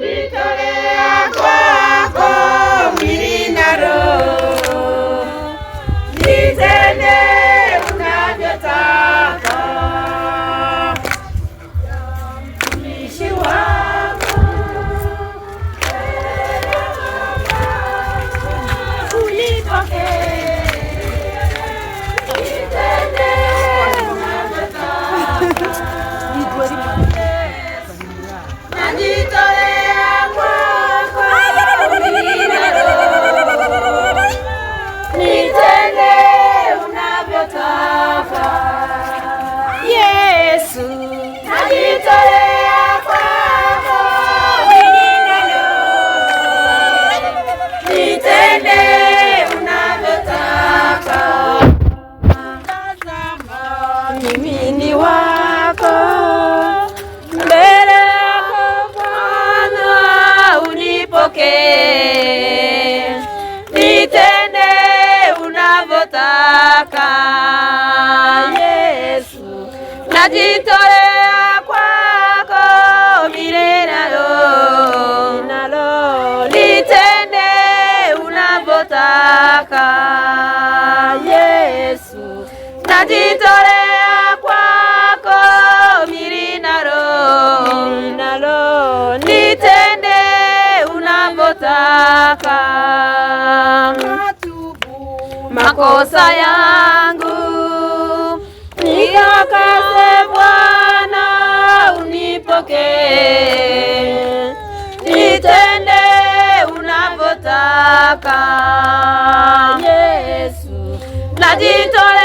We vitória. Yesu, najitolea kwako, nitende unavyotaka. Tazama mimi ni wako, mbele yako Bwana unipokee najitolea kwako vile nalo nalo unavyotaka Yesu, najitolea kwako unavyotaka makosa yangu nikaka wake, nitende unavyotaka Yesu, najitoa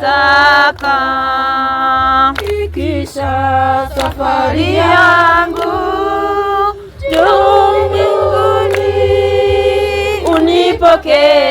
nataka ikisha safari yangu juu mbinguni unipokee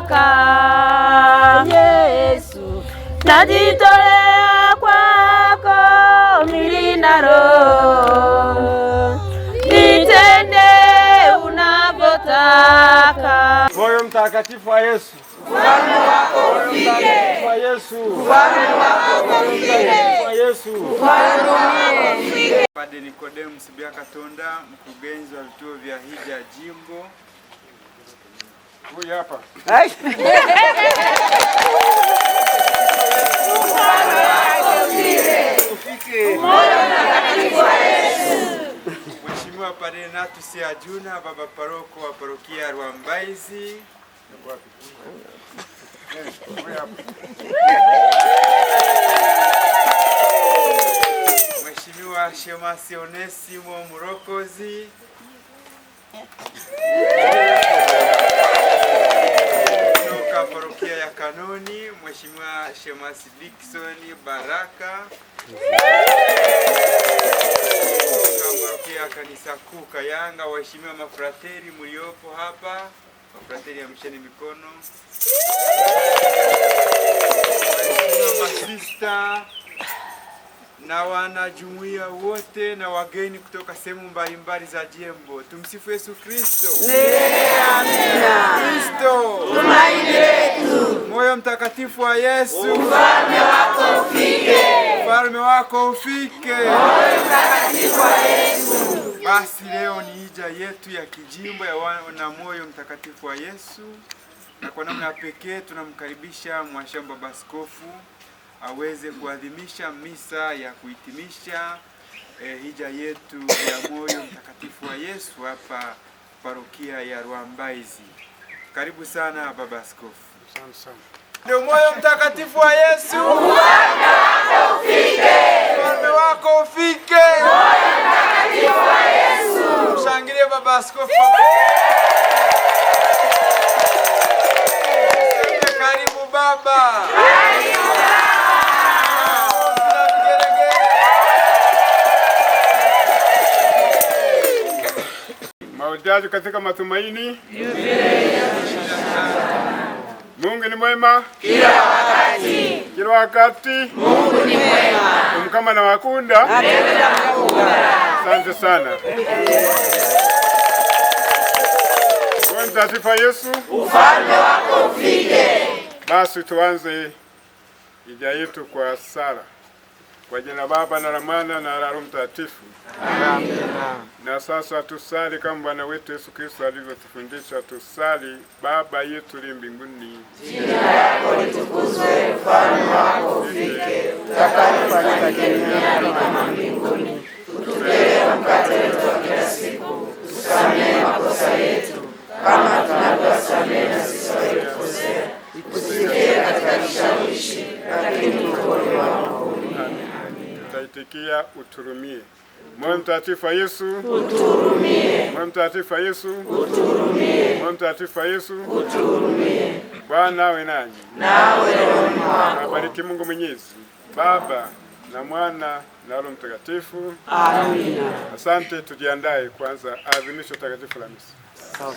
baraka. Yesu, najitolea kwako mwili na roho, nitende unavyotaka. Moyo mtakatifu wa Yesu, ufalme wako ufike. Padre Nikodemu Sibiaka Tonda, mkurugenzi wa vituo vya hija jimbo Huyu hapa. Mheshimiwa Padre Ignatius Ajuna, baba paroko wa parokia Rwambaizi Mheshimiwa Shemasi Onesimo Murokozi katika parokia ya Kanoni, Mheshimiwa Shemasi Dickson Baraka katika parokia ya Kanisa Kuu Kayanga, waheshimiwa mafrateri mliopo hapa, mafrateri amsheni mikono, waheshimiwa masista na wanajumuia wote na wageni kutoka sehemu mbalimbali za jimbo. Tumsifu Yesu Kristo. Ee, amina. Kristo mtakatifu wa Yesu, ufalme wako ufike, ufalme wako ufike, mtakatifu wa Yesu. Basi leo ni hija yetu ya kijimbo ya wana moyo mtakatifu wa Yesu, na kwa namna pekee tunamkaribisha Mwashamba Baba Askofu aweze kuadhimisha misa ya kuhitimisha eh, hija yetu ya moyo mtakatifu wa Yesu hapa parokia ya Rwambaizi. Karibu sana Baba Askofu. Asante sana. Ndio moyo mtakatifu wa Yesu. Ufalme wako ufike. Ufalme wako ufike. Mshangilie baba askofu. Karibu baba. Mahujaji katika matumaini. Yubilei ni mwema kila wakati, kila wakati Mungu ni mwema. Mkama na wakunda, asante sana Mtakatifu Yesu, ufalme wako ufike. Basi tuanze hija yetu kwa sala. Kwa jina Baba na la Mwana na la Roho Mtakatifu. Amina. Na sasa tusali kama Bwana wetu Yesu Kristo alivyotufundisha, tusali: Baba yetu li mbinguni, jina lako litukuzwe, ufalme wako ufike, utakalo fanyike duniani kama mbinguni. Utupe leo mkate wetu wa kila siku, tusamehe makosa yetu kama tunavyowasamehe na sisi waliokukosea, usitie katika kishawishi, lakini tuokoe Tunaitikia uturumie. Moyo Mtakatifu wa Yesu uturumie. Moyo Mtakatifu wa Yesu uturumie. Moyo Mtakatifu wa Yesu uturumie. Bwana awe nanyi nawe rohoni mwako. Abariki Mungu Mwenyezi, Baba na Mwana na Roho Mtakatifu. Amina. Asante, tujiandae kwanza adhimisho takatifu la misa.